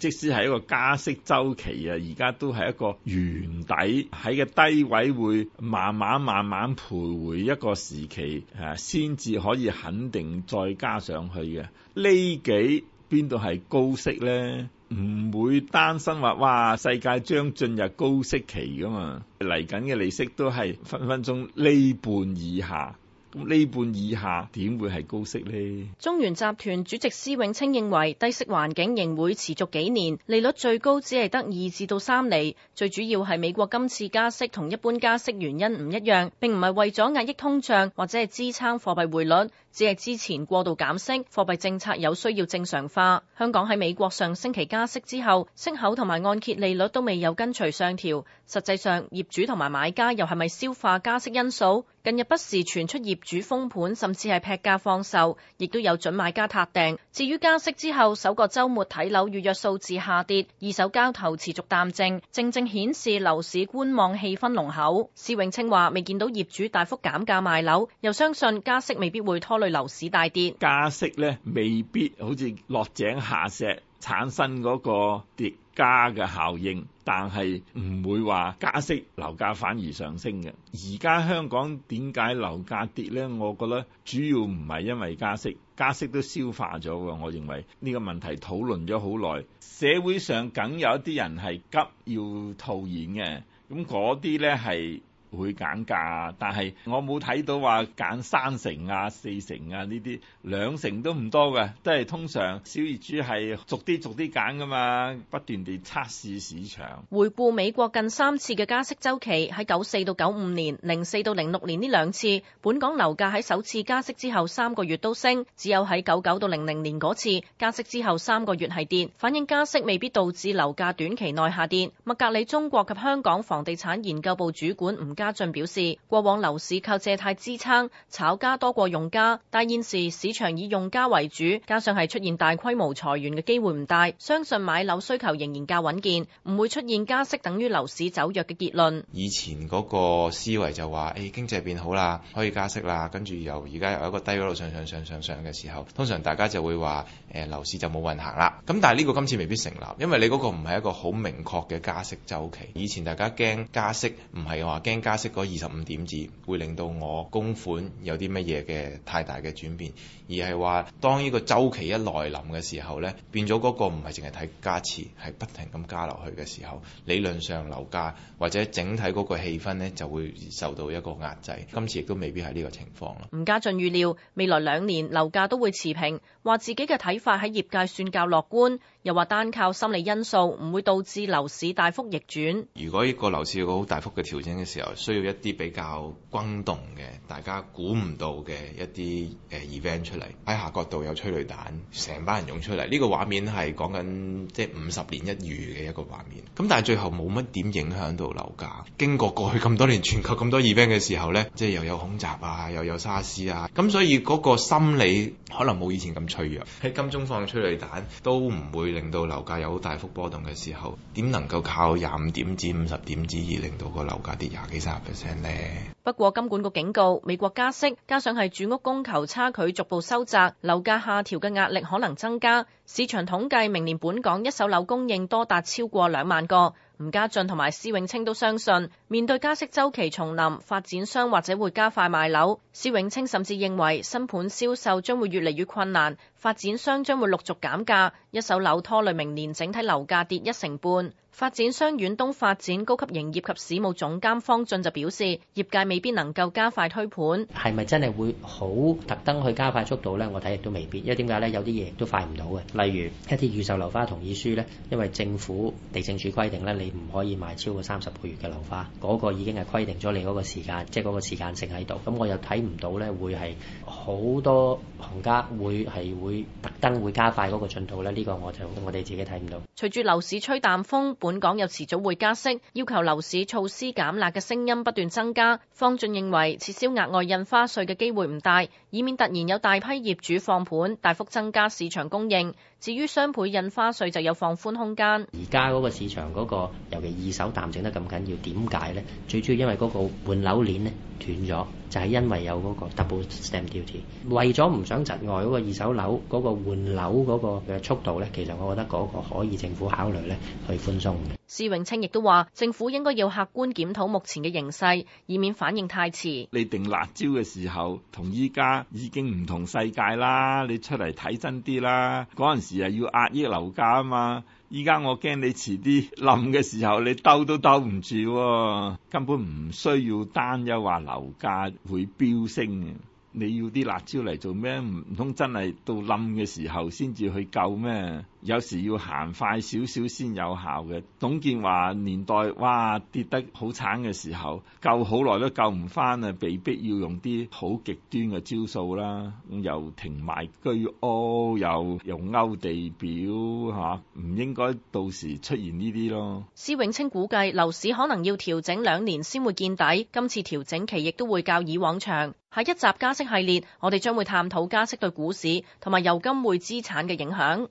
即使係一個加息週期啊，而家都係一個原底喺個低位，會慢慢慢慢徘徊一個時期啊，先至可以肯定再加上去嘅。呢幾邊度係高息呢？唔會擔心話哇，世界將進入高息期噶嘛？嚟緊嘅利息都係分分鐘呢半以下。呢半以下點會係高息呢？中原集團主席施永青認為，低息環境仍會持續幾年，利率最高只係得二至到三厘。最主要係美國今次加息同一般加息原因唔一樣，並唔係為咗壓抑通脹或者係支撐貨幣匯率，只係之前過度減息，貨幣政策有需要正常化。香港喺美國上星期加息之後，息口同埋按揭利率都未有跟隨上調，實際上業主同埋買家又係咪消化加息因素？近日不時傳出業主封盤，甚至係劈價放售，亦都有準買家撻定。至於加息之後，首個周末睇樓預約數字下跌，二手交投持續淡靜，正正顯示樓市觀望氣氛濃厚。施永青話：未見到業主大幅減價賣樓，又相信加息未必會拖累樓市大跌。加息咧，未必好似落井下石，產生嗰個跌價嘅效應。但係唔會話加息樓價反而上升嘅。而家香港點解樓價跌呢？我覺得主要唔係因為加息，加息都消化咗㗎。我認為呢個問題討論咗好耐，社會上梗有一啲人係急要套現嘅，咁嗰啲呢係。會減價，但係我冇睇到話減三成啊、四成啊呢啲，兩成都唔多嘅，都係通常小業主係逐啲逐啲減噶嘛，不斷地測試市場。回顧美國近三次嘅加息周期，喺九四到九五年、零四到零六年呢兩次，本港樓價喺首次加息之後三個月都升，只有喺九九到零零年嗰次加息之後三個月係跌，反映加息未必導致樓價短期內下跌。麥格理中國及香港房地產研究部主管吳家俊表示，過往樓市靠借貸支撐，炒家多過用家，但現時市場以用家為主，加上係出現大規模裁員嘅機會唔大，相信買樓需求仍然較穩健，唔會出現加息等於樓市走弱嘅結論。以前嗰個思維就話，哎，經濟變好啦，可以加息啦，跟住由而家由一個低嗰度上上上上上嘅時候，通常大家就會話，誒、呃，樓市就冇運行啦。咁但係呢個今次未必成立，因為你嗰個唔係一個好明確嘅加息周期。以前大家驚加息，唔係話驚加息嗰二十五點子，會令到我供款有啲乜嘢嘅太大嘅轉變，而係話當呢個周期一來臨嘅時候咧，變咗嗰個唔係淨係睇加持，係不停咁加落去嘅時候，理論上樓價或者整體嗰個氣氛咧就會受到一個壓制。今次亦都未必係呢個情況咯。吳家俊預料未來兩年樓價都會持平，話自己嘅睇法喺業界算較樂觀。又話單靠心理因素唔會導致樓市大幅逆轉。如果依個樓市有個好大幅嘅調整嘅時候，需要一啲比較轟動嘅，大家估唔到嘅一啲誒、嗯呃、event 出嚟，喺下角度有催淚彈，成班人湧出嚟，呢、這個畫面係講緊即係五十年一遇嘅一個畫面。咁但係最後冇乜點影響到樓價。經過過去咁多年全球咁多 event 嘅時候咧，即係又有恐襲啊，又有沙士啊，咁所以嗰個心理可能冇以前咁脆弱。喺金鐘放催淚彈都唔會、嗯。令到樓價有大幅波動嘅時候，點能夠靠廿五點至五十點之二，令到個樓價跌廿幾、三十 percent 咧？不過金管局警告，美國加息，加上係住屋供求差距逐步收窄，樓價下調嘅壓力可能增加。市場統計明年本港一手樓供應多達超過兩萬個，吳家俊同埋施永青都相信，面對加息周期重臨，發展商或者會加快賣樓。施永青甚至認為新盤銷售將會越嚟越困難，發展商將會陸續減價，一手樓拖累明年整體樓價跌一成半。發展商遠東發展高級營業及市務總監方俊就表示：業界未必能夠加快推盤，係咪真係會好特登去加快速度呢？我睇亦都未必，因為點解咧？有啲嘢都快唔到嘅，例如一啲預售樓花同意書呢，因為政府地政署規定咧，你唔可以賣超過三十個月嘅樓花，嗰個已經係規定咗你嗰個時間，即係嗰個時間性喺度。咁我又睇唔到呢，會係好多行家會係會特登會加快嗰個進度咧，呢個我就我哋自己睇唔到。隨住樓市吹淡風。本港又遲早會加息，要求樓市措施減辣嘅聲音不斷增加。方俊認為撤銷額外印花稅嘅機會唔大，以免突然有大批業主放盤，大幅增加市場供應。至於雙倍印花稅就有放寬空間。而家嗰個市場嗰個，尤其二手淡整得咁緊要，點解呢？最主要因為嗰個換樓鏈咧斷咗。就係因為有嗰個 double stamp duty，為咗唔想窒礙嗰個二手樓、嗰、嗰個換樓嗰個嘅速度咧，其實我覺得嗰個可以政府考慮咧去寬鬆嘅。施永青亦都話：政府應該要客觀檢討目前嘅形勢，以免反應太遲。你定辣招嘅時候同依家已經唔同世界啦，你出嚟睇真啲啦。嗰陣時啊要壓抑樓價啊嘛，依家我驚你遲啲冧嘅時候你兜都兜唔住喎。根本唔需要擔憂話樓價會飆升。你要啲辣招嚟做咩？唔唔通真係到冧嘅時候先至去救咩？有時要行快少少先有效嘅。董建華年代，哇跌得好慘嘅時候救好耐都救唔返啊，被逼要用啲好極端嘅招數啦，又停埋居屋，又用勾地表嚇，唔、啊、應該到時出現呢啲咯。施永青估計樓市可能要調整兩年先會見底，今次調整期亦都會較以往長。下一集加息系列，我哋將會探討加息對股市同埋油金匯資產嘅影響。